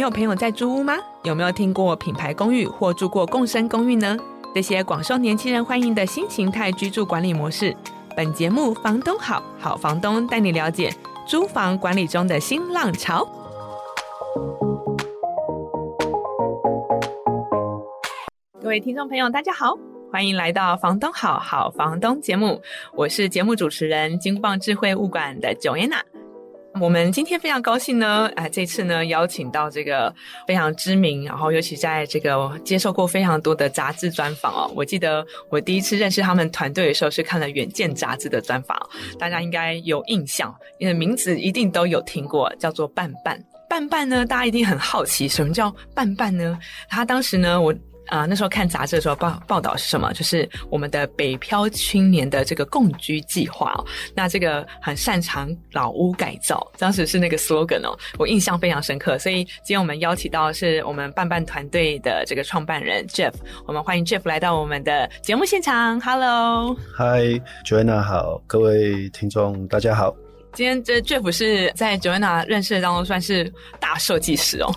你有朋友在租屋嗎？有沒有聽過品牌公寓或住過共生公寓呢？這些廣受年輕人歡迎的新形態居住管理模式，本節目《房東好》好房東帶你了解租房管理中的新浪潮。各位聽眾朋友，大家好，歡迎來到《房東好》好房東節目，我是節目主持人金箍棒智慧物管的 Joanna。我們今天非常高興呢，啊、呃，這次呢邀請到這個非常知名，然後尤其在這個接受過非常多的雜誌專訪哦。我記得我第一次認識他們團隊的時候，是看了《遠見》雜誌的專訪，大家應該有印象，因為名字一定都有聽過，叫做“半伴”。半伴呢，大家一定很好奇，什麼叫“半伴”呢？他當時呢，我。啊、呃，那時候看雜誌的時候報報道是什麼？就是我們的北漂青年的這個共居計劃哦。那這個很擅長老屋改造，當時是那個 slogan 哦，我印象非常深刻。所以今天我們邀請到是我們半伴團隊的這個創辦人 Jeff，我們歡迎 Jeff 來到我們的節目現場。Hello，Hi，Joanna 好，各位聽眾大家好。今天這 Jeff 是在 Joanna 認識的當中算是大設計師哦，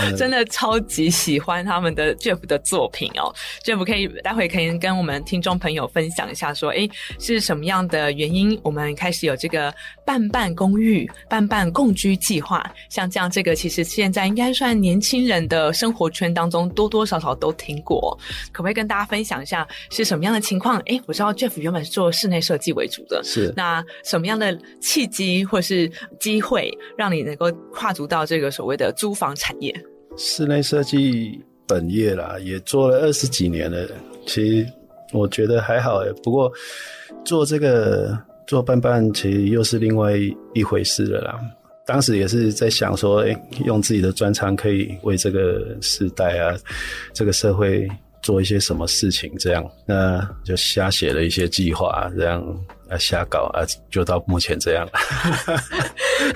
嗯、 真的超級喜歡他們的 Jeff 的作品哦。Jeff 可以待會可以跟我們聽眾朋友分享一下說，說哎是什麼樣的原因，我們開始有這個半伴公寓，半伴共居計劃。像這樣這個，其實現在應該算年輕人的生活圈當中多多少少都聽過，哦，可不可以跟大家分享一下是什麼樣的情況？哎，我知道 Jeff 原本是做室內設計為主的，是那什麼樣的？契機或是機會，讓你能夠跨足到這個所謂的租房產業。室內設計本業啦，也做了二十幾年了。其實我覺得還好、欸、不過做這個做半伴，其實又是另外一回事了啦。當時也是在想說，欸、用自己的專長可以為這個世代啊，這個社會做一些什麼事情？這樣，那就瞎寫了一些計劃、啊，這樣。啊，瞎搞啊，就到目前這樣了。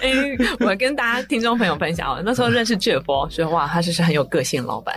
為、 欸、我跟大家聽眾朋友分享哦，那時候認識 Jeff、哦，說哇，他就是很有個性的老闆。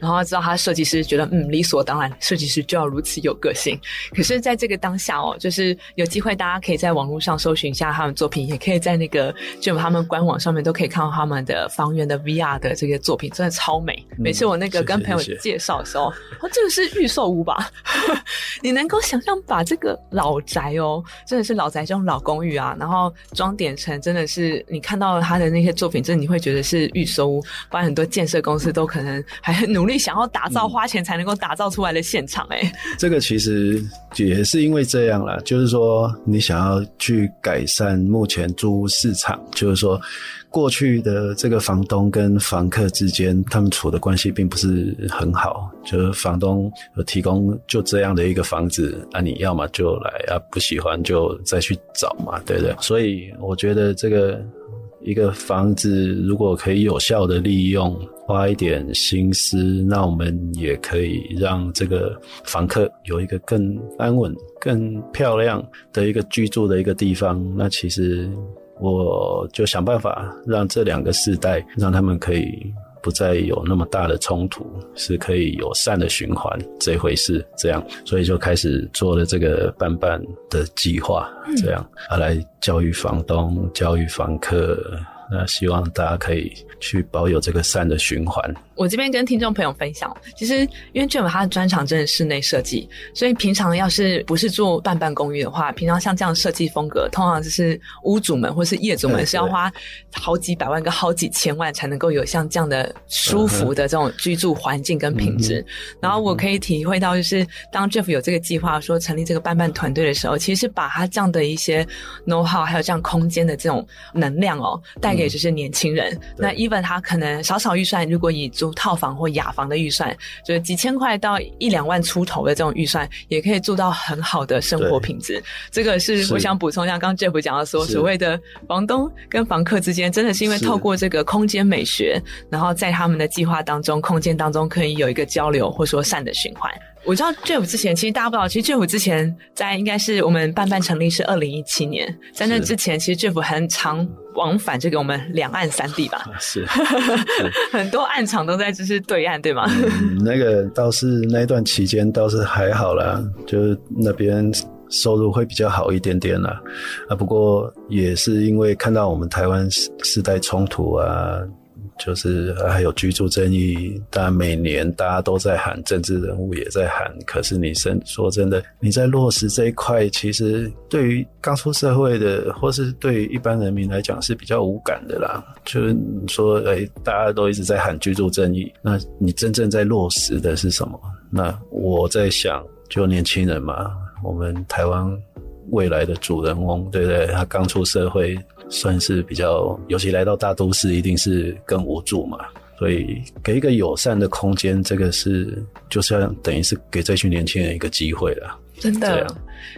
然後知道他設計師覺得，嗯，理所當然，設計師就要如此有個性。可是，在這個當下哦，就是有機會，大家可以在網絡上搜尋一下他們作品，也可以在那個 Jeff 他們官網上面都可以看到他們的房源的 VR 的這些作品，真的超美。每次我那個跟朋友介紹的時候，嗯、謝謝謝謝哦，這個是預售屋吧？ 你能夠想象把這個老宅哦？真的是老宅這種老公寓啊，然後裝點成真的是你看到他的那些作品，真的你會覺得是預售屋，不然很多建設公司都可能還很努力想要打造，花錢才能夠打造出來的現場。欸。哎、嗯，這個其實也是因為這樣啦，就是說你想要去改善目前租屋市場，就是說。過去的這個房東跟房客之間，他們處的關係並不是很好。就是房東有提供就這樣的一個房子，那、啊、你要麼就來，啊不喜歡就再去找嘛，對不對？所以我覺得這個一個房子如果可以有效地利用，花一點心思，那我們也可以讓這個房客有一個更安穩、更漂亮的一個居住的一個地方。那其實。我就想辦法讓這兩個世代，讓他們可以不再有那麼大的衝突，是可以友善的循環這回事，這樣，所以就開始做了這個半伴的計劃，這樣、啊、來教育房東，教育房客。那希望大家可以去保有這個善的循環。我這邊跟聽眾朋友分享，其實因為 Jeff 他的專長真的是室內設計，所以平常要是不是住半伴公寓的話，平常像這樣的設計風格，通常就是屋主們或是業主們對 是要花好幾百萬跟好幾千萬才能夠有像這樣的舒服的這種居住環境跟品質。嗯嗯嗯、然後我可以體會到，就是當 Jeff 有這個計劃說成立這個半伴團隊的時候，其實是把他這樣的一些 know how 還有這樣空間的這種能量哦、喔、帶。也就是年輕人，嗯、那 even 他可能少少預算，如果以租套房或雅房的預算，就是幾千塊到一兩萬出頭的這種預算，也可以做到很好的生活品質。對這個是我想補充一下，剛是剛 Jeff 講到說，是所謂的房東跟房客之間，真的是因為透過這個空間美學，是然後在他們的計劃當中，空間當中可以有一個交流，或者說善的循環。我知道 Jeff 之前，其實大家不知道，其實 Jeff 之前在應該是我們半伴成立是二零一七年，在那是之前，其實 Jeff 很常往返這個我們兩岸三地吧，是，是 很多案場都在就是對岸，對嗎？嗯、那個倒是那一段期間倒是還好啦，就是那邊收入會比較好一點點啦。啊。不過也是因為看到我們台灣世代衝突啊。就是、啊、還有居住正義，但每年大家都在喊，政治人物也在喊。可是你真說真的，你在落實這一塊，其實對於剛出社會的，或是對於一般人民來講是比較無感的啦。就是你說，哎、欸，大家都一直在喊居住正義，那你真正在落實的是什麼？那我在想，就年輕人嘛，我們台灣未來的主人翁，對不對？他剛出社會。算是比較，尤其來到大都市，一定是更無助嘛。所以給一個友善的空間，這個是就算等於是給這群年輕人一個機會啦。真的，樣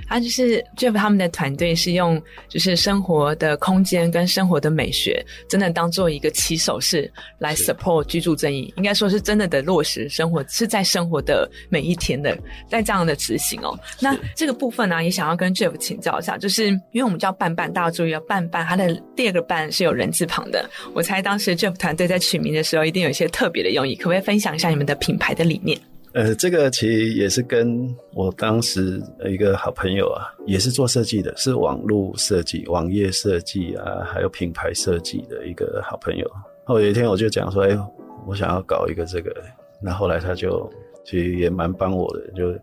他就是 Jeff 他們的團隊是用就是生活的空間跟生活的美學，真的當做一個起手式來 support 居住正義，是應該說是真的的落實生活是在生活的每一天的在這樣的執行哦。是那這個部分呢、啊，也想要跟 Jeff 請教一下，就是因為我們叫半伴，大家注意要半伴，它的第二個伴是有人字旁的，我猜當時 Jeff 團隊在取名的時候一定有一些特別的用意，可不可以分享一下你們的品牌的理念？呃，這個其實也是跟我當時的一個好朋友啊，也是做設計的，是網絡設計、網頁設計啊，還有品牌設計的一個好朋友。後來有一天我就講說，哎、欸，我想要搞一個這個。那後來他就其實也蠻幫我的，就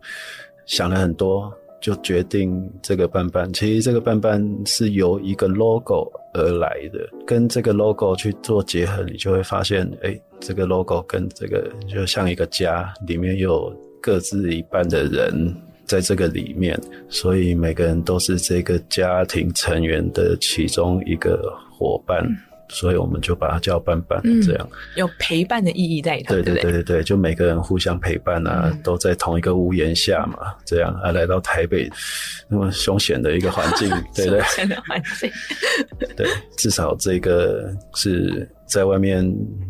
想了很多。就決定這個半伴，其實這個半伴是由一個 logo 而來的，跟這個 logo 去做結合，你就會發現，哎，這個 logo 跟這個就像一個家，裡面又有各自一半的人在這個裡面，所以每個人都是這個家庭成員的其中一個夥伴。嗯所以我們就把它叫「半伴」，這樣有陪伴的意義在。對對對對對，就每個人互相陪伴啊，都在同一個屋檐下嘛，這樣、啊。而來到台北，那麼凶險的一個環境，對對。凶險的環境，對，至少這個是在外面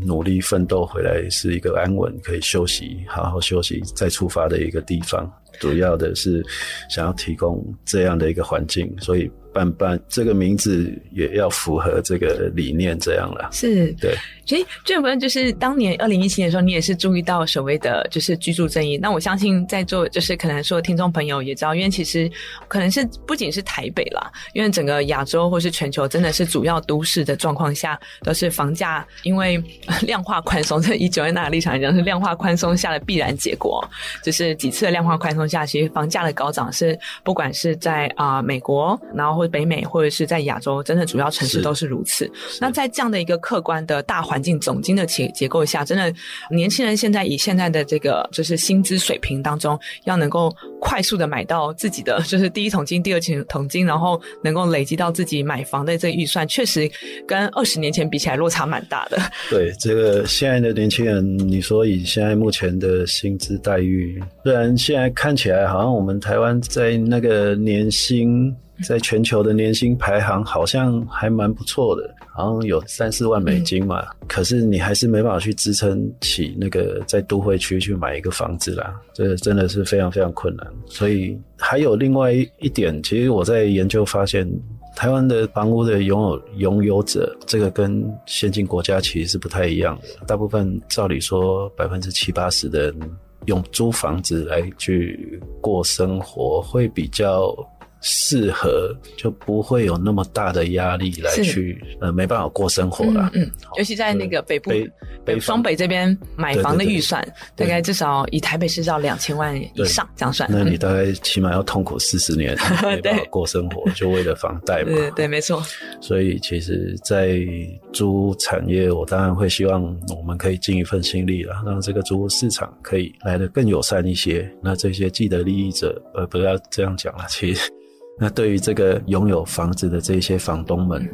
努力奮鬥回來，是一個安穩可以休息、好好休息再出發的一個地方。主要的是想要提供這樣的一個環境，所以。半伴這個名字也要符合這個理念，這樣了。是，對。所以，誒，俊文，就是當年二零一七年的時候，你也是注意到所謂的就是居住正義。那我相信在座就是可能說聽眾朋友也知道，因為其實可能是不僅是台北了，因為整個亞洲或是全球真的是主要都市的狀況下，都是房價因為量化寬鬆，在以 Joanna 的立場來講，是量化寬鬆下的必然結果。就是幾次的量化寬鬆下，其實房價的高漲是不管是在啊、呃、美國，然後或者北美，或者是在亞洲，真的主要城市都是如此。那在這樣的一個客觀的大環境、總經的結結構下，真的年輕人現在以現在的這個就是薪資水平當中，要能夠快速的買到自己的就是第一桶金、第二桶金，然後能夠累積到自己買房的這個預算，確實跟二十年前比起來落差蠻大的。對，這個現在的年輕人，你說以現在目前的薪資待遇，雖然現在看起來好像我們台灣在那個年薪。在全球的年薪排行好像還蠻不錯的，好像有三四萬美金嘛。嗯、可是你還是沒辦法去支撐起那個在都會區去買一個房子啦，這個、真的是非常非常困難。所以還有另外一點，其實我在研究發現，台灣的房屋的擁有擁有者，這個跟先進國家其實是不太一樣的。大部分照理說，百分之七八十的人用租房子來去過生活，會比較。適合就不會有那麼大的壓力來去呃，沒辦法過生活啦，嗯，尤其在那個北部北雙北這邊買房的預算大概至少以台北市要兩千萬以上這樣算，那你大概起碼要痛苦四十年沒辦法過生活，就為了房貸嘛，對，沒錯。所以其實，在租屋產業，我當然會希望我們可以盡一份心力啦，讓這個租屋市場可以來得更友善一些。那這些既得利益者，呃，不要這樣講啦，其實。那對於這個擁有房子的這些房東們。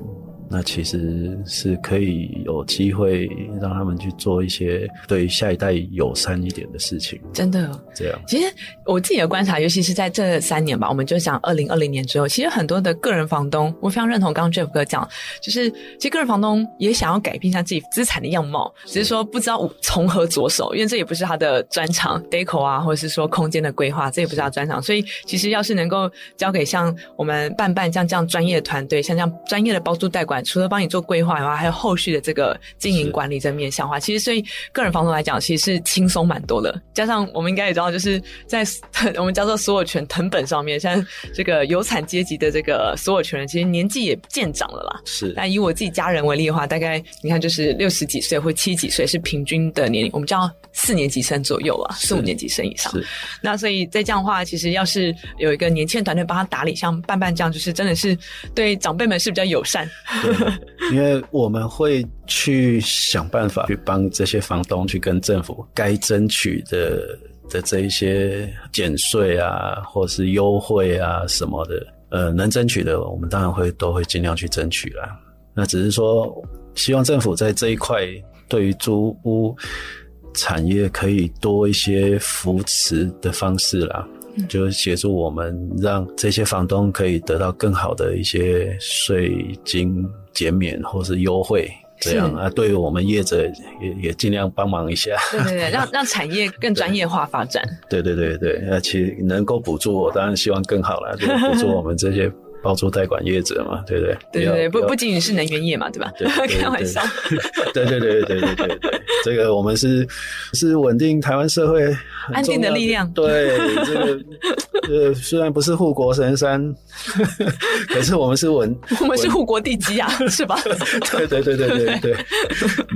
那其實是可以有機會讓他們去做一些對下一代友善一點的事情，真的這樣。其實我自己的觀察，尤其是在這三年吧，我們就講二零二零年之後，其實很多的個人房東，我非常認同剛剛 Jeff 哥講，就是其實個人房東也想要改變一下自己資產的樣貌，是只是說不知道從何着手，因為這也不是他的專長，Deco 啊，或者是說空間的規劃，這也不是他專長，是所以其實要是能夠交給像我們半伴這樣，這樣專業的團隊，像這樣專業的包租代管。除了幫你做規劃以外，還有後續的這個經營管理這面向化，是其實所以個人房東來講，其實是輕鬆蠻多的。加上我們應該也知道，就是在我們叫做所有權成本上面，像這個有產階級的這個所有權人，其實年紀也漸長了啦。是，但以我自己家人為例的話，大概你看就是六十幾歲或七十幾歲是平均的年齡，我們叫。四年級生左右啊，是四五年級生以上。是那所以，在這樣的話，其實要是有一個年輕團隊幫他打理，像半伴這樣，就是真的是對長輩們是比較友善。對，對，對， 因為我們會去想辦法去幫這些房東去跟政府該爭取的的這一些減稅啊，或是優惠啊什麼的，呃，能爭取的，我們當然會都會儘量去爭取啦。那只是說，希望政府在這一塊對於租屋，產業可以多一些扶持的方式啦，就是協助我們，讓這些房東可以得到更好的一些稅金減免或是優惠，這樣是啊，對於我們業者也也盡量幫忙一下。對對對，讓讓產業更專業化發展。對對對對，那、啊、其實能夠補助，我當然希望更好了，就補助我們這些。包租代管業者嘛，對不對？對對對，不不僅僅是能源業嘛，對吧？開玩笑。對對對對對對對，這個我們是是穩定台灣社會安定的力量。對，這個呃雖然不是護國神山，可是我們是穩，我們是護國地基啊，是吧？對對對對對對，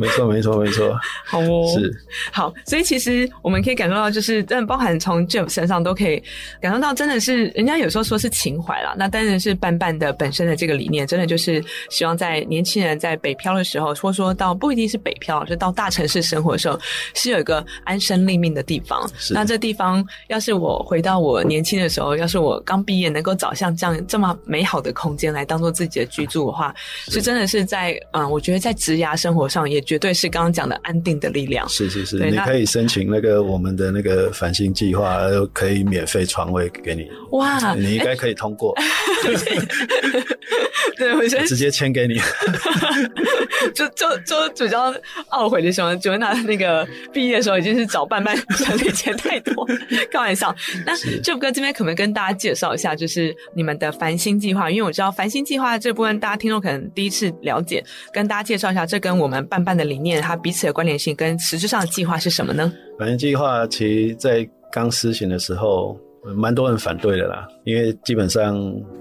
沒錯沒錯沒錯，好哦。是好。所以其實我們可以感受到，就是但包含從 Jeff 身上都可以感受到，真的是人家有時候說是情懷了，那當然是。半伴的本身的這個理念，真的就是希望在年輕人在北漂的時候，或說到不一定是北漂，就到大城市生活的時候，是有一個安身立命的地方。是那這地方，要是我回到我年輕的時候，要是我剛畢業能夠找像這樣這麼美好的空間來當做自己的居住的話，是，是真的是在嗯，我覺得在職涯生活上也絕對是剛剛講的安定的力量。是是是，你可以申請那個我們的那個繁星計劃，可以免費床位給你。哇， 你應該可以通過。欸 對，直接簽給你， 就就就比較懊悔，就時候，就那那個畢業的時候已經是找半伴，想給錢太多，開玩， 笑。那 Jeff 哥是這邊可不可以跟大家介紹一下，就是你們的繁星計劃？因為我知道繁星計劃這部分，大家聽眾可能第一次了解，跟大家介紹一下，這跟我們半伴的理念，它彼此的關聯性跟實質上的計劃是什麼呢？繁星計劃其實在剛施行的時候。蠻多人反對的啦，因為基本上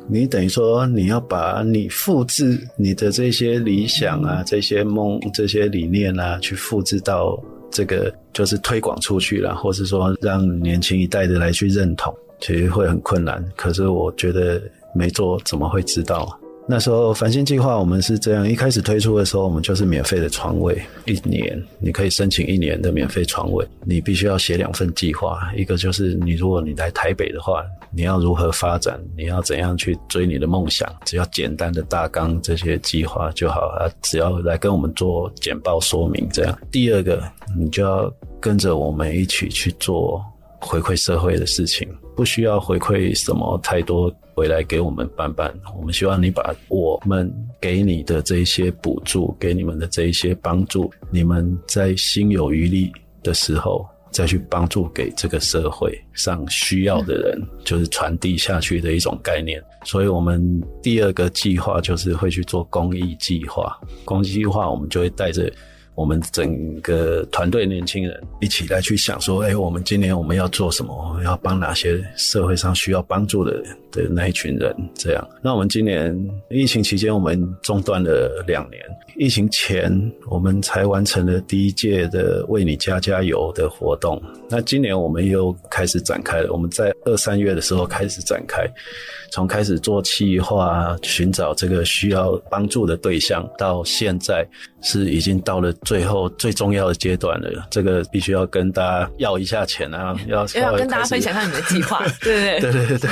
你等於說你要把你複製你的這些理想啊、這些夢、這些理念啊，去複製到這個就是推廣出去啦，或是說讓年輕一代的來去認同，其實會很困難。可是我覺得沒做怎麼會知道啊？那時候繁星計劃，我們是這樣：一開始推出的時候，我們就是免費的床位，一年你可以申請一年的免費床位。你必須要寫兩份計劃，一個就是你如果你來台北的話，你要如何發展，你要怎樣去追你的夢想，只要簡單的大綱這些計劃就好啊。只要來跟我們做簡報說明這樣。第二個，你就要跟着我們一起去做回饋社會的事情。不需要回饋什麼太多，回來給我們半伴。我們希望你把我們給你的這一些補助，給你們的這一些幫助，你們在心有餘力的時候再去幫助給這個社會上需要的人，就是傳遞下去的一種概念。所以我們第二個計劃就是會去做公益計劃，公益計劃我們就會帶着。我們整個團隊年輕人一起來去想說，哎，我們今年我們要做什麼？我們要幫哪些社會上需要幫助的的那一群人？這樣。那我們今年疫情期間我們中斷了兩年，疫情前我們才完成了第一屆的“為你加加油”的活動。那今年我們又開始展開了，我們在二三月的時候開始展開，從開始做企劃、尋找這個需要幫助的對象，到現在是已經到了。最後最重要的階段了，這個必須要跟大家要一下錢啊！要 要跟大家分享一下你的計劃， 對對對 對對對，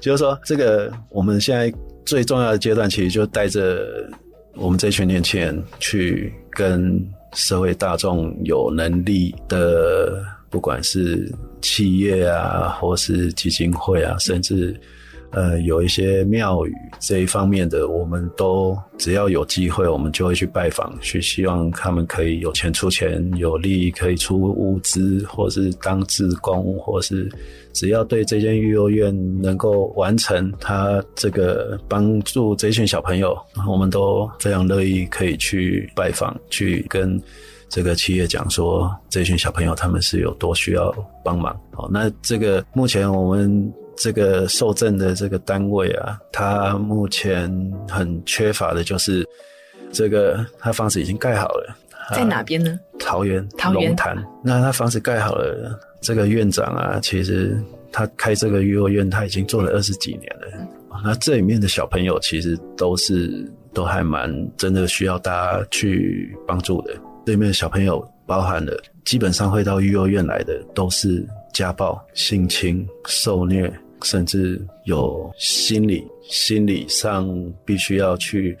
就是說這個我們現在最重要的階段，其實就帶着我們這一群年輕人去跟社會大眾有能力的，不管是企業啊，或是基金會啊， 甚至。呃，有一些廟宇這一方面的，我們都只要有機會，我們就會去拜訪，去希望他們可以有錢出錢，有力可以出物資，或者是當志工，或是只要對這間育幼院能夠完成他這個幫助這群小朋友，我們都非常樂意可以去拜訪，去跟這個企業講說，這群小朋友他們是有多需要幫忙。好，那這個目前我們。這個受贈的這個單位啊，他目前很缺乏的，就是這個他房子已經蓋好了，在哪邊呢？桃園，桃園龍潭。桃園，那他房子蓋好了，這個院長啊，其實他開這個育幼院，他已經做了二十幾年了。嗯、那這裡面的小朋友，其實都是都還蠻真的需要大家去幫助的。這裡面的小朋友，包含了基本上會到育幼院來的，都是家暴、性侵、受虐。甚至有心理心理上必須要去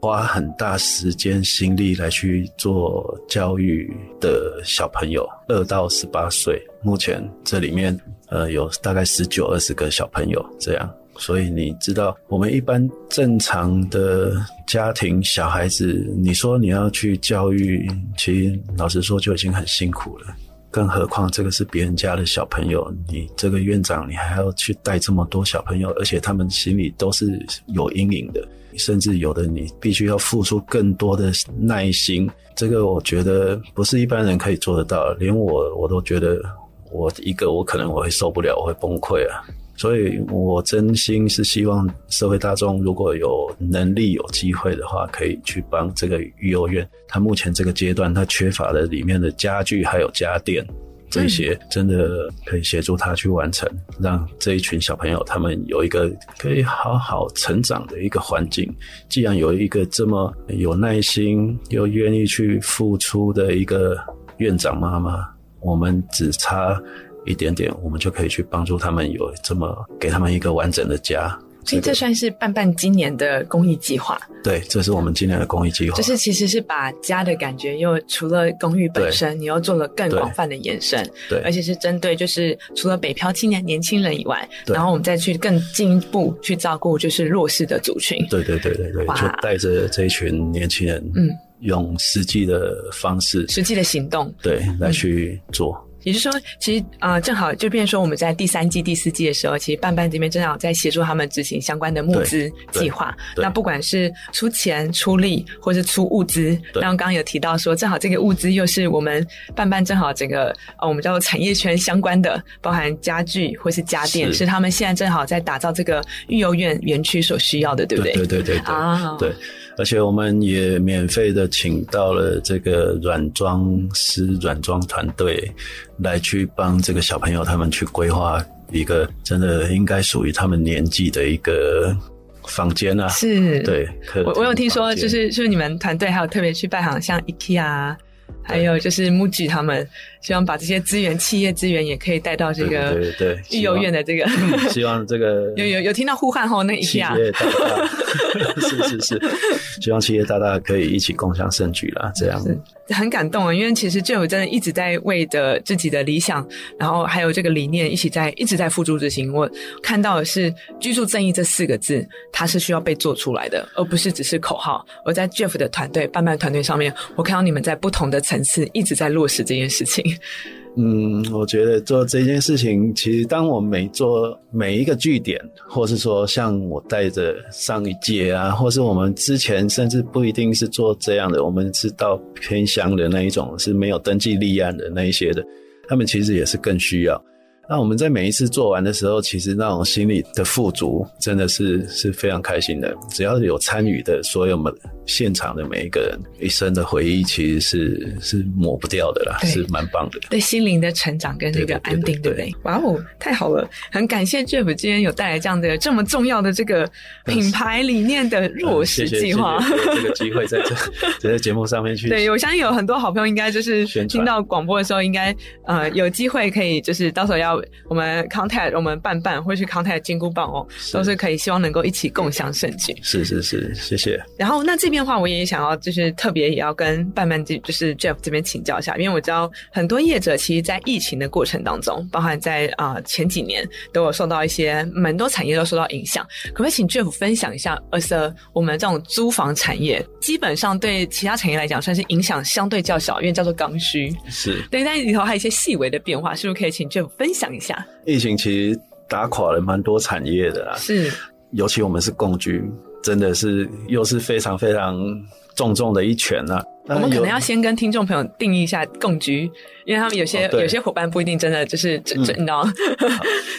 花很大時間心力來去做教育的小朋友，二到十八歲，目前這裡面呃有大概十九二十個小朋友這樣，所以你知道，我們一般正常的家庭小孩子，你說你要去教育，其實老實說就已經很辛苦了。更何況這個是別人家的小朋友，你這個院長你還要去帶這麼多小朋友，而且他們心裡都是有陰影的，甚至有的你必須要付出更多的耐心，這個我覺得不是一般人可以做得到，連我我都覺得我一個我可能我會受不了，我會崩潰啊。所以我真心是希望社會大眾如果有能力有機會的話，可以去幫這個育幼院。他目前這個階段，他缺乏了裡面的家具還有家電這些，真的可以協助他去完成，讓這一群小朋友他們有一個可以好好成長的一個環境。既然有一個這麼有耐心又願意去付出的一個院長媽媽，我們只差。一點點，我們就可以去幫助他們，有這麼給他們一個完整的家。所以這算是半伴今年的公益計劃。對，這是我們今年的公益計劃。就是其實是把家的感覺又，又除了公寓本身，對你又做了更廣泛的延伸。對，對而且是針對就是除了北漂青年年輕人以外，對然後我們再去更進一步去照顧就是弱勢的族群。對對對對對，哇就帶着這一群年輕人，嗯，用實際的方式，實際的行動，對，來去做。嗯也就是說，其實啊、呃，正好就變成說，我們在第三季、第四季的時候，其實半伴這邊正好在協助他們執行相關的募資計劃。那不管是出錢、出力，或是出物資，對那剛剛有提到說，正好這個物資又是我們半伴正好整個呃我們叫做產業圈相關的，包含家具或是家電，是，是他們現在正好在打造這個育幼院園區所需要的，對不對？對，對對對對，oh. 對。而且我們也免費的請到了這個軟裝師軟裝團隊、軟裝團隊。來去幫這個小朋友他們去規劃一個真的應該屬於他們年紀的一個房間啊！是，對，我我有聽說，就是是不是你們團隊還有特別去拜訪像 IKEA 啊。還有就是木吉他們，希望把這些資源、企業資源也可以帶到這個對對對，育幼院的這個，希望這個 有有有聽到呼喊吼那一、個、下、啊， 是是是，希望企業大大可以一起共襄盛舉啦，這樣很感動啊！因為其實 Jeff 真的一直在為着自己的理想，然後還有這個理念一起在一直在付諸執行。我看到的是“居住正義”這四個字，它是需要被做出來的，而不是只是口號。我在 Jeff 的團隊、半伴團隊上面，我看到你們在不同的層。是一直在落實這件事情。嗯，我覺得做這件事情，其實當我每做每一個據點，或是說像我帶着上一屆啊，或是我們之前甚至不一定是做這樣的，我們是到偏鄉的那一種，是沒有登記立案的那一些的，他們其實也是更需要。那我們在每一次做完的時候，其實那種心裡的富足，真的是是非常開心的。只要有參與的所有們現場的每一個人，一生的回憶其實是是抹不掉的啦，對是蠻棒的，的，對心靈的成長跟這個安定，對不對？哇哦，太好了！很感謝 Jeff 今天有帶來這樣的這麼重要的這個品牌理念的落實計劃。嗯、謝謝謝謝這個機會在這在 節，節目上面去對。對，我相信有很多好朋友應該就是聽到廣播的時候，應該傳呃有機會可以就是到時候要，我們 contact，我們半伴，或是 contact 金箍棒哦，是都是可以，希望能夠一起共享盛景。是是是，謝謝。然後那這邊的話，我也想要就是特別也要跟半伴，就就是 Jeff 這邊請教一下，因為我知道很多業者其實，在疫情的過程當中，包括在啊、呃、前幾年都有受到一些蠻多產業都受到影響。可不可以請 Jeff 分享一下？呃，說我們這種租房產業，基本上對其他產業來講，算是影響相對較小，因為叫做剛需是對。但裡頭還有一些細微的變化，是不是可以請 Jeff 分享？一下，疫情其實打垮了蠻多產業的啦，是，尤其我們是共居，真的是又是非常非常重重的一拳啊。我們可能要先跟聽眾朋友定義一下共居，因為他們有些、哦、有些夥伴不一定真的就是，嗯、你知道，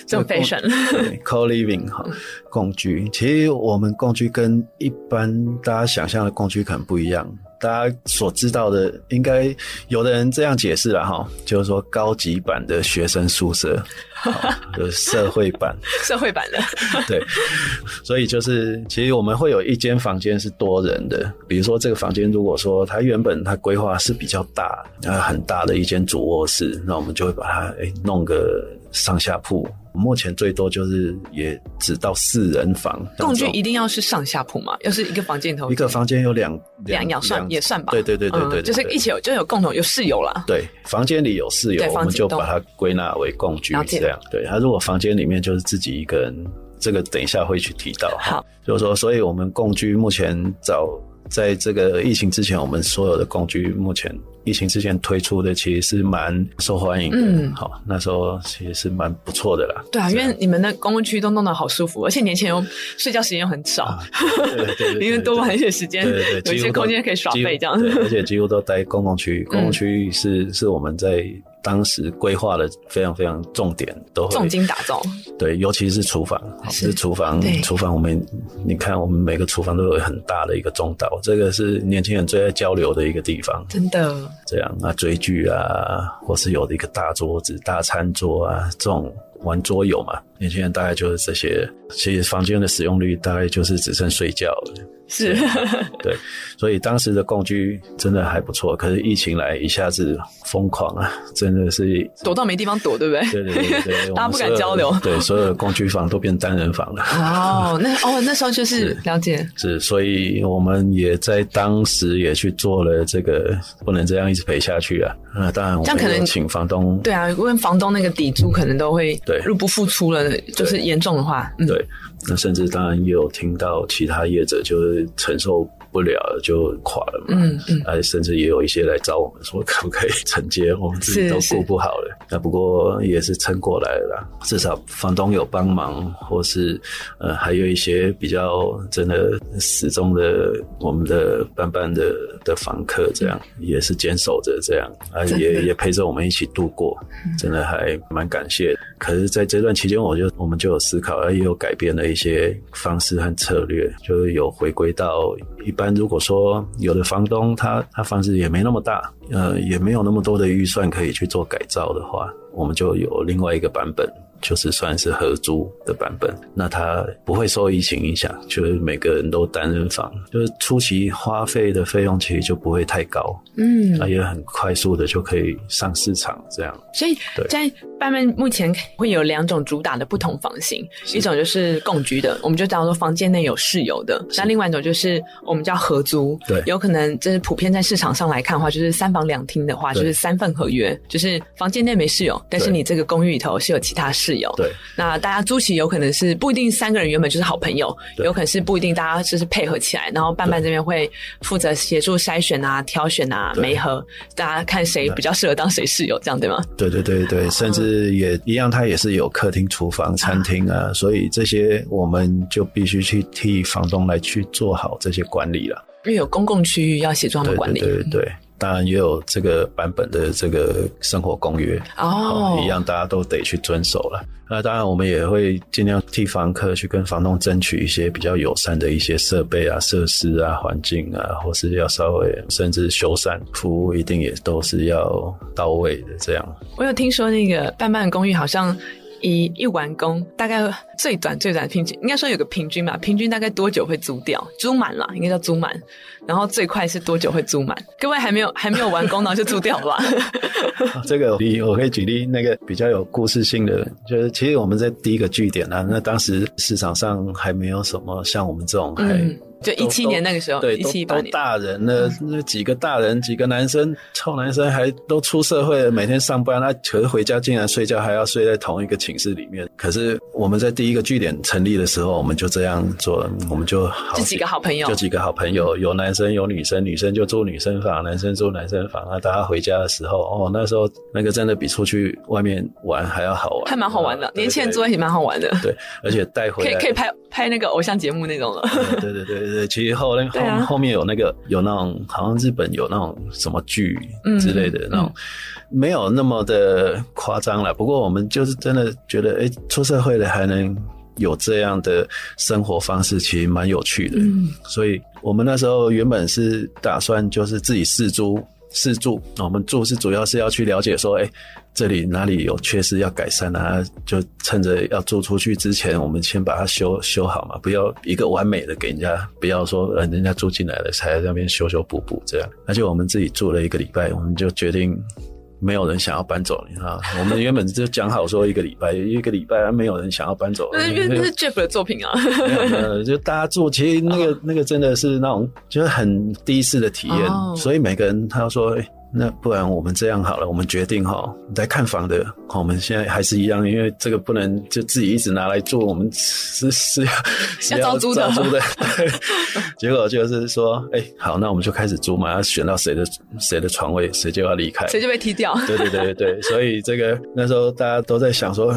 就很 fashion，co living 哈、喔、嗯、共居，其實我們共居跟一般大家想象的共居可能不一樣。大家所知道的，應該有的人這樣解釋了哈，就是說高級版的學生宿舍， 哦、就是社會版， 社會版的， 對，所以就是其實我們會有一間房間是多人的，比如說這個房間如果說它原本它規劃是比較大，啊很大的一間主臥室，那我們就會把它誒、欸、弄個。上下鋪，目前最多就是也只到四人房。共居一定要是上下鋪嘛，要是一個房間裡頭一個房間有兩兩要算也算吧？對對對對對，就是一起有，就有共同有室友了。對，房間裡有室友，我們就把它歸納為共居了解這樣。對他如果房間裡面就是自己一個人，這個等一下會去提到。好，就是說，所以我們共居目前早在這個疫情之前，我們所有的共居目前。疫情之前推出的其實是蠻受歡迎的，嗯，好，那時候其實是蠻不錯的啦。對啊，因為你們的公共區都弄得好舒服，而且年前又睡覺時間又很少，因為多玩一些時間，有一些空間可以耍廢這樣子。而且幾乎都待公共區，公共區域是是我們在當時規劃的非常非常重點，都重金打造。對，尤其是廚房，是廚房，廚房我們你看，我們每個廚房都有很大的一個中島，這個是年輕人最愛交流的一個地方，真的。這樣啊，追劇啊，或是有的一個大桌子，大餐桌啊，這種玩桌遊嘛，年輕人大概就是這些。其實房間的使用率大概就是只剩睡覺了。是，對，所以當時的共居真的還不錯，可是疫情來一下子瘋狂啊，真的是躲到沒地方躲，對不對？對對對對 大家不敢交流，對，所有的共居房都變單人房了。哦，那哦，那時候就是， 是了解。是，所以我們也在當時也去做了這個，不能這樣一直賠下去啊。啊，當然我們這樣可能請房東對啊，問房東那個底租可能都會對入不敷出了，嗯、就是嚴重的話，嗯、對。那甚至當然也有聽到其他業者就是承受。不了就垮了嘛，嗯嗯，嗯啊，甚至也有一些來找我們說可不可以承接，我們自己都顧不好了。那是、啊、不過也是撐過來了啦，至少房東有幫忙，或是呃，還有一些比較真的始終的我們的半伴的的房客，這樣、嗯、也是堅守着，這樣啊，的也也陪着我們一起度過，真的還蠻感謝。可是，在這段期間，我就我們就有思考，啊，也有改變了一些方式和策略，就是有回歸到。一般如果說有的房東他他房子也沒那麼大，呃，也沒有那麼多的預算可以去做改造的話，我們就有另外一個版本。就是算是合租的版本，那它不會受疫情影響，就是每個人都單人房，就是初期花費的費用其實就不會太高，嗯，啊也很快速的就可以上市場這樣。所以，在半伴目前會有兩種主打的不同房型，是一種就是共居的，我們就講說房間內有室友的；那是另外一種就是我們叫合租，對，有可能就是普遍在市場上來看的話，就是三房兩廳的話，對就是三份合約，就是房間內沒室友，對但是你這個公寓裡頭是有其他室友。室。室友對，那大家租起有可能是不一定三個人原本就是好朋友，對有可能是不一定大家就是配合起來，然後半伴這邊會負責協助篩選啊、挑選啊、媒對合，大家看誰比較適合當誰室友，這樣對嗎？對對對對，甚至也、啊、一樣，他也是有客廳、廚房、餐廳啊，啊所以這些我們就必須去替房東來去做好這些管理了，因為有公共區域要協助他們管理，對對對，對對對。當然也有這個版本的這個生活公約，oh. 哦、一樣大家都得去遵守了。那當然我們也會盡量替房客去跟房東爭取一些比較友善的一些設備啊、設施啊、環境啊，或是要稍微甚至修繕服務，一定也都是要到位的。這樣，我有聽說那個半伴公寓好像。一一完工，大概最短最短的平均，應該說有個平均吧，平均大概多久會租掉？租滿了應該叫租滿，然後最快是多久會租滿？各位還沒有還沒有完工 然後就租掉了吧、 啊。這個我我可以舉例那個比較有故事性的，就是其實我們在第一個據點呢、啊，那當時市場上還沒有什麼像我們這種、嗯、還。就一七年那個時候，對，都都大人呢，那幾個大人，幾個男生，臭男生還都出社會了，每天上班他可是回家竟然睡覺，還要睡在同一個寢室裡面。可是我們在第一個據點成立的時候，我們就這樣做了，我們就幾個好朋友，就幾個好朋友，有男生有女生，女生就住女生房，男生住男生房啊。大家回家的時候，哦，那時候那個真的比出去外面玩還要好玩，還蠻好玩的，年輕人住一起蠻好玩的。對，而且帶回來可以可以拍拍那個偶像節目那種了。對對對。對對對，其實後，後面有那個、啊、有那種，好像日本有那種什麼劇之類的、嗯、那種，沒有那麼的誇張了。嗯、不過我們就是真的覺得，哎、欸，出社會了還能有這樣的生活方式，其實蠻有趣的。嗯、所以我們那時候原本是打算就是自己試租試住，我們住是主要是要去了解說，哎、欸。這裡哪裡有缺失，要改善啊，就趁着要租出去之前，我們先把它修修好嘛，不要一個完美的給人家，不要說人家住進來了才在那邊修修補補這樣。而且我們自己住了一個禮拜，我們就決定沒有人想要搬走。你知道嗎？我們原本就講好說一個禮拜， 一個禮拜、啊、沒有人想要搬走， 嗯、因為那是 Jeff 的作品啊、 嗯嗯。就大家住，其實那個、oh. 那個真的是那種就是很低視的體驗，oh. 所以每個人他說。那不然我們這樣好了，我們決定哈，在看房的，我們現在還是一樣，因為這個不能就自己一直拿來住，我們是是要招租的，對不對？結果就是說，哎、欸，好，那我們就開始租嘛，要選到誰的誰的床位，誰就要離開，誰就被踢掉。對對對對對，所以這個那時候大家都在想說，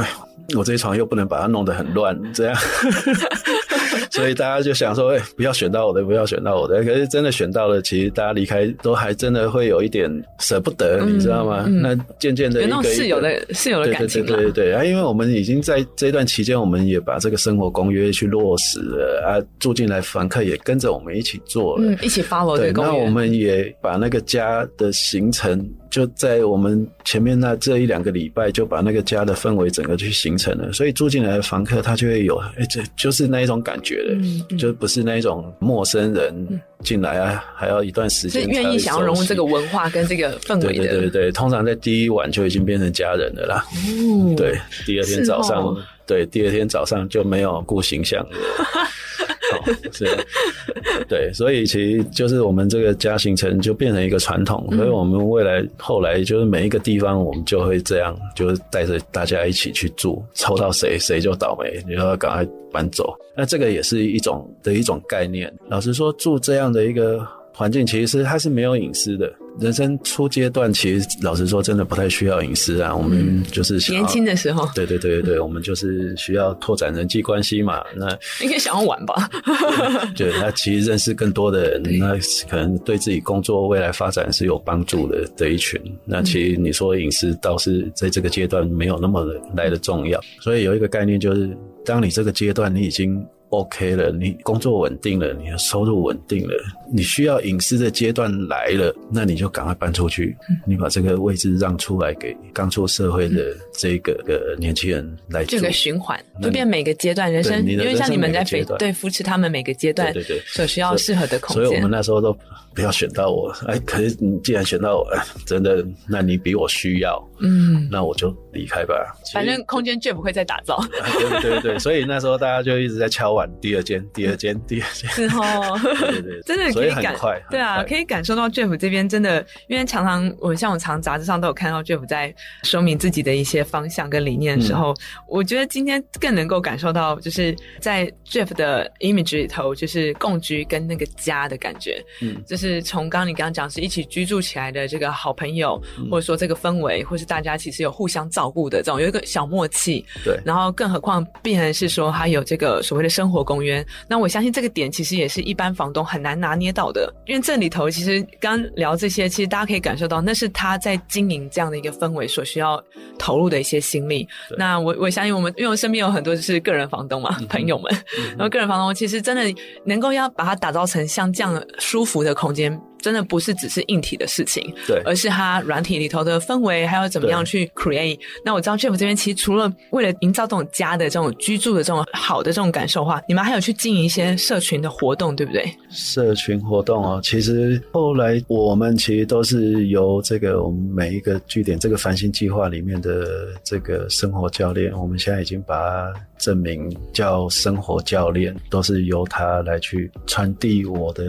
我這床又不能把它弄得很亂，這樣。 所以大家就想說，哎、欸，不要選到我的，不要選到我的。可是真的選到了，其實大家離開都還真的會有一點捨不得，嗯、你知道嗎？嗯、那漸漸的一個一個，有那種室友的個室友的感覺，對對對對，對啊，因為我們已經在這段期間，我們也把這個生活公約去落實了啊，住進來房客也跟着我們一起做了、嗯，一起發了對。公約。那我們也把那個家的行程。就在我們前面那這一兩個禮拜，就把那個家的氛圍整個去形成了，所以住進來的房客他就會有，哎、欸，這就，就是那一種感覺了，嗯、就不是那一種陌生人進來啊，嗯、還要一段時間才願意想要融入這個文化跟這個氛圍的。對對對對，通常在第一晚就已經變成家人了啦。哦、對，第二天早上，哦、對，第二天早上就沒有顧形象了。 對 對，所以其實就是我們這個家形成就變成一個傳統。嗯、所以我們未來後來就是每一個地方我們就會這樣，就是帶着大家一起去住，抽到誰誰就倒霉，你要趕快搬走。那這個也是一種的一種概念。老實說，住這樣的一個環境，其實是它是沒有隱私的。人生初階段，其實老實說，真的不太需要隱私啊。嗯、我們就是想年輕的時候，對對對對對， 我們就是需要拓展人際關係嘛。那你可以想要玩吧 對？對，那其實認識更多的人，對那可能對自己工作未來發展是有幫助的這一群。對那其實你說隱私，倒是在這個階段沒有那麼來的重要。所以有一個概念就是，當你這個階段，你已經。OK 了，你工作穩定了，你的收入穩定了，你需要隱私的階段來了，那你就趕快搬出去，嗯、你把這個位置讓出來給剛出社會的這個、嗯這個這個年輕人來住。這個循環，就變你每個階段人生，因為像你們在對，對扶持他們每個階段對對，對所需要適合的空間，所以我們那時候都。不要選到我，哎，可是你既然選到我，哎，真的，那你比我需要，嗯，那我就離開吧。反正空間 Jeff 會再打造。對，對對對， 所以那時候大家就一直在敲碗第，第二間，嗯、第二間，第二間。是哦，對對，真的可以感，可以很快。很快對啊，可以感受到 Jeff 這邊真的，因為常常我像我常雜誌上都有看到 Jeff 在說明自己的一些方向跟理念的時候，嗯、我覺得今天更能夠感受到，就是在 Jeff 的 image 裡頭，就是共居跟那個家的感覺，嗯，就是。是從剛你剛剛講，是一起居住起來的這個好朋友，嗯、或者說這個氛圍，或是大家其實有互相照顧的這種有一個小默契。對，然後更何況變成是說他有這個所謂的生活公約。那我相信這個點其實也是一般房東很難拿捏到的，因為這裡頭其實剛聊這些，其實大家可以感受到，那是他在經營這樣的一個氛圍所需要投入的一些心力。對那我我相信我們，因為我身邊有很多就是個人房東嘛，嗯、哼朋友們，嗯、哼然後個人房東其實真的能夠要把它打造成像這樣舒服的空。間真的不是只是硬體的事情，對，而是它軟體裡頭的氛圍，還要怎麼樣去 create 對。那我知道 Jeff 這邊其實除了為了營造這種家的這種居住的這種好的這種感受的話，你們還有去經營一些社群的活動，對不對？社群活動哦，其實後來我們其實都是由這個我們每一個據點這個繁星計劃裡面的這個生活教練，我們現在已經把他證明叫生活教練，都是由他來去傳遞我的。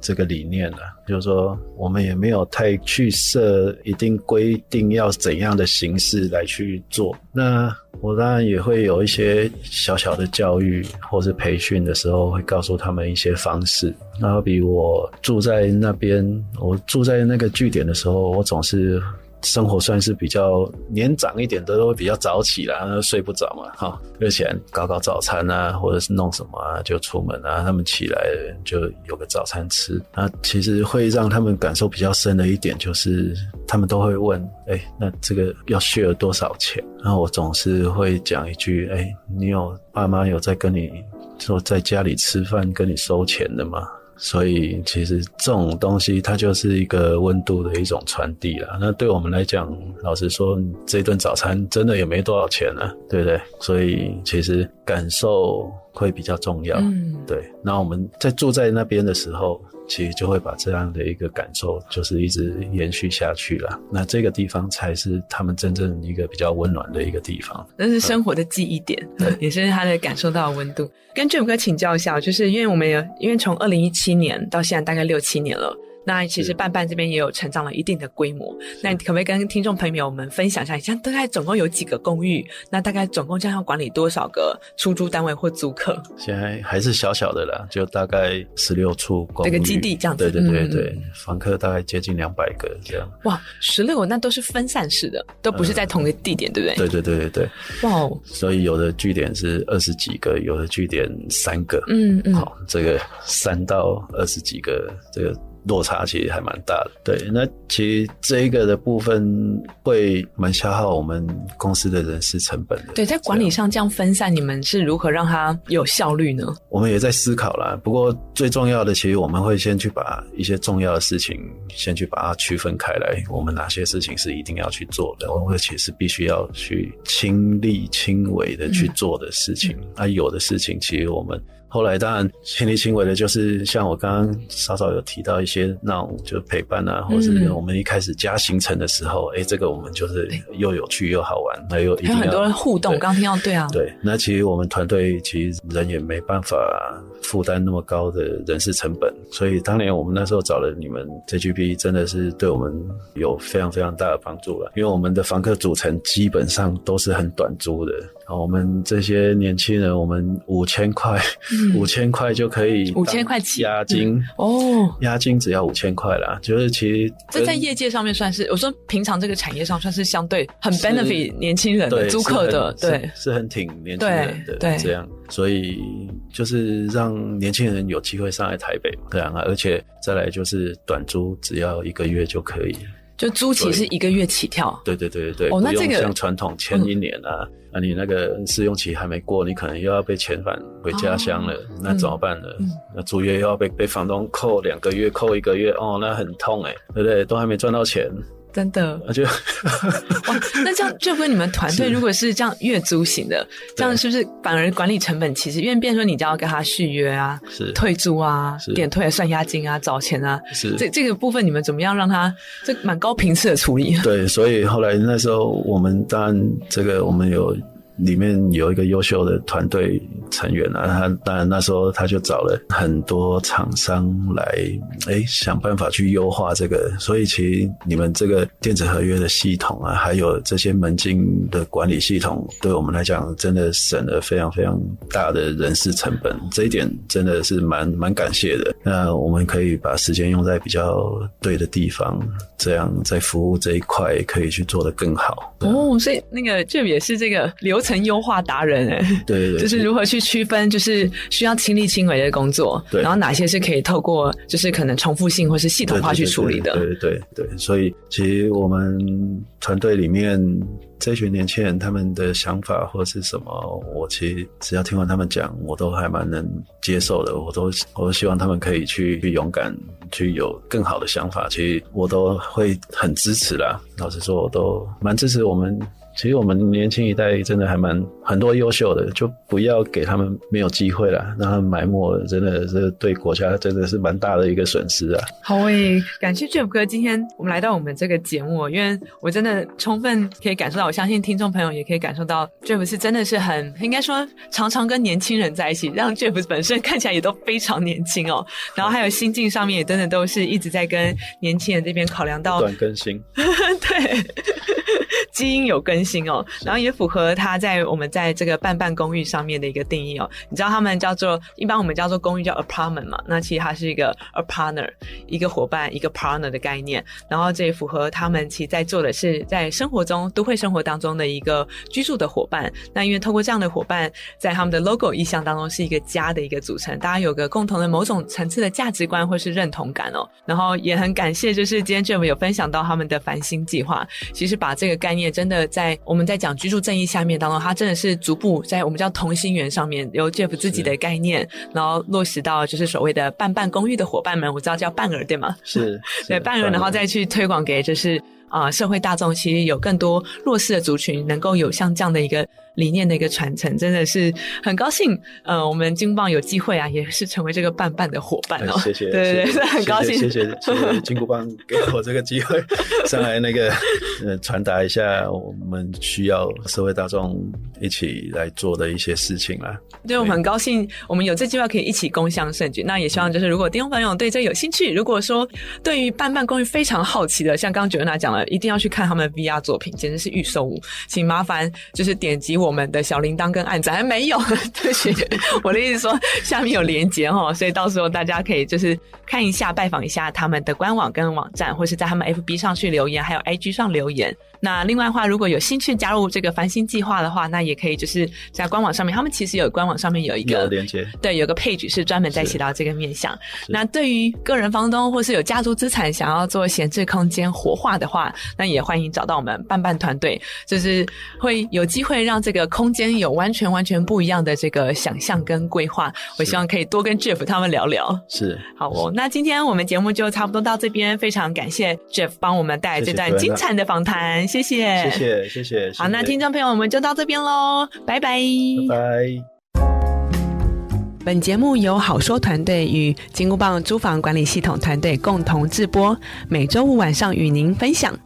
這個理念了，啊，就是說我們也沒有太去設一定規定要怎樣的形式來去做。那我當然也會有一些小小的教育或是培訓的時候，會告訴他們一些方式。那比如我住在那邊，我住在那個據點的時候，我總是。生活，算是比較年長一點的，都會比較早起了，睡不着嘛，哈，就起來搞搞早餐啊，或者是弄什麼啊，就出門啊。他們起來的人就有個早餐吃。那其實會讓他們感受比較深的一點，就是他們都會問：哎、欸，那這個要需要多少錢？然後我總是會講一句：哎、欸，你有爸媽有在跟你說在家裡吃飯跟你收錢的嗎？所以其實這種東西它就是一個溫度的一種傳遞了。那對我們來講，老實說，這頓早餐真的也沒多少錢了啊，對不對？所以其實感受會比較重要，嗯、對。那我們在住在那邊的時候，其實就會把這樣的一個感受，就是一直延續下去了。那這個地方才是他們真正一個比較溫暖的一個地方，那是生活的記憶點，嗯、也是他的感受到的溫度。對。跟俊文哥請教一下，就是因為我們也，因為從二零一七年到現在大概六七年了。那其實半伴這邊也有成長了一定的規模。是那你可不可以跟聽眾朋友們分享一下，現在大概總共有幾個公寓？那大概總共將要管理多少個出租單位或租客？現在還是小小的啦，就大概十六處公寓，這個基地這樣子。對對對對，嗯、房客大概接近兩百個這樣。哇，十六個那都是分散式的，都不是在同一個地點，呃、對不對？對對對對對。哇、哦，所以有的據點是二十幾個，有的據點三個。嗯嗯，好、哦，這個三到二十幾個這個。落差其實還蠻大的，對。那其實這一個的部分會蠻消耗我們公司的人事成本的。對，在管理上這樣分散，你們是如何讓它有效率呢？我們也在思考啦。不過最重要的，其實我們會先去把一些重要的事情先去把它區分開來。我們哪些事情是一定要去做的，而且是必須要去親力親為的去做的事情？嗯、啊，有的事情其實我們。後來當然親力親為的。就是像我剛剛稍稍有提到一些，那種就陪伴啊，嗯嗯，或是我們一開始加行程的時候，哎、欸，這個我們就是又有趣又好玩，還有有很多人互動。剛對聽到對啊，對，那其實我們團隊其實人也沒辦法、啊。負擔那麼高的人事成本，所以當年我們那時候找了你們 JGB，真的是對我們有非常非常大的幫助了。因為我們的房客組成基本上都是很短租的，啊，我們這些年輕人，我們五千塊，嗯、五千塊就可以，五千塊起押金、嗯、哦，押金只要五千塊啦。就是其實這在業界上面算是，我說平常這個產業上算是相對很 benefit 年輕人的租客的，對，是對是，是很挺年輕人的，對，對這樣。所以就是讓年輕人有機會上來台北，對啊，而且再來就是短租，只要一個月就可以，就租期以是一個月起跳。對對對對對，哦，那這個像傳統簽一年啊，嗯、啊，你那個試用期還沒過，你可能又要被遣返回家鄉了，哦、那怎麼辦呢？嗯、那租約又要被被房東扣兩個月，扣一個月，哦，那很痛誒、欸、對不對？都還沒賺到錢。真的，啊、就 哇，那這樣就跟你們團隊是如果是這樣月租型的，對這樣是不是反而管理成本其實因為，變成說你就要跟他續約啊、是退租啊、是點退算押金啊、找錢啊，是這這個部分你們怎麼樣讓他這蠻高頻次的處理？對，所以後來那時候我們當然這個我們有。裡面有一個優秀的團隊成員啊，他當然那時候他就找了很多廠商來，哎、欸，想辦法去優化這個。所以其實你們這個電子合約的系統啊，還有這些門禁的管理系統，對我們來講真的省了非常非常大的人事成本。這一點真的是蠻蠻感謝的。那我們可以把時間用在比較對的地方，這樣在服務這一塊可以去做得更好。哦，所以那個這也是這個流程。很優化達人哎、欸，對對對,對，就是如何去區分，就是需要親力親為的工作，對，然後哪些是可以透過就是可能重複性或是系統化去處理的，對對對,對,對,對對對所以其實我們團隊裡面這一群年輕人他們的想法或是什麼，我其實只要聽完他們講，我都還蠻能接受的。我都我都希望他們可以去去勇敢去有更好的想法，其實我都會很支持啦，老實說，我都蠻支持我們。其實我們年輕一代真的還蠻很多優秀的，就不要給他們沒有機會了，讓他們埋沒了，真的是對國家真的是蠻大的一個損失啊！好誒，感謝 Jeff 哥今天我們來到我們這個節目，因為我真的充分可以感受到，我相信聽眾朋友也可以感受到，Jeff 是真的是很應該說常常跟年輕人在一起，讓 Jeff 本身看起來也都非常年輕哦，然後還有心境上面也真的都是一直在跟年輕人這邊考量到短更新， 對。基因有更新哦，然後也符合他在我們在這個半伴公寓上面的一個定義哦。你知道他們叫做一般我們叫做公寓叫 apartment 嘛？那其實它是一個 apartner，一個夥伴，一個 partner 的概念。然後這也符合他們其實在做的是在生活中都會生活當中的一個居住的夥伴。那因為透過這樣的夥伴，在他們的 logo 意象當中是一個家的一個組成，大家有個共同的某種層次的價值觀或是認同感哦。然後也很感謝，就是今天 Jeff 有分享到他們的繁星計劃，其實把這個概念。真的在我們在講居住正義下面當中，他真的是逐步在我們叫同心圓上面，由 Jeff 自己的概念，是然後落實到就是所謂的半伴公寓的夥伴們，我知道叫半伴對嗎？是，是 對半伴，半伴然後再去推廣給就是啊、呃、社會大眾，其實有更多弱勢的族群能夠有像這樣的一個。理念的一個傳承，真的是很高興。呃，我們金箍棒有機會啊，也是成為這個棒棒半伴的夥伴哦。謝謝，對對對，謝謝，很高興。謝謝，謝謝金箍棒給我這個機會 上來那個呃傳達一下我們需要社會大眾一起來做的一些事情啊。對，我很高興我們有這機會可以一起共襄盛舉。對那也希望就是如果聽眾朋友對這有興趣，如果說對於半伴公寓非常好奇的，像剛剛 Joanna 講了，一定要去看他們的 VR 作品，簡直是預售屋。請麻煩就是點擊我。我們的小鈴鐺跟案子還沒有，這是我的意思說， 下面有連結哈，所以到時候大家可以就是看一下，拜訪一下他們的官網跟網站，或是在他們 FB 上去留言，還有 IG 上留言。那另外話，如果有興趣加入這個繁星計劃的話，那也可以就是在官網上面，他們其實有官網上面有一個連接，對，有個 page 是專門在寫到這個面向。那對於個人房東或是有家族資產想要做閒置空間活化的話，那也歡迎找到我們半伴團隊，就是會有機會讓這個空間有完全完全不一樣的這個想象跟規劃。是我希望可以多跟 Jeff 他們聊聊。是，好哦。是那今天我們節目就差不多到這邊，非常感謝 Jeff 幫我們帶來這段精彩的訪談。謝謝，謝謝，謝謝，好謝謝。好，那聽眾朋友我們就到這邊嘍，拜拜，拜拜。本節目由好說團隊與金箍棒租房管理系統團隊共同製播，每周五晚上與您分享。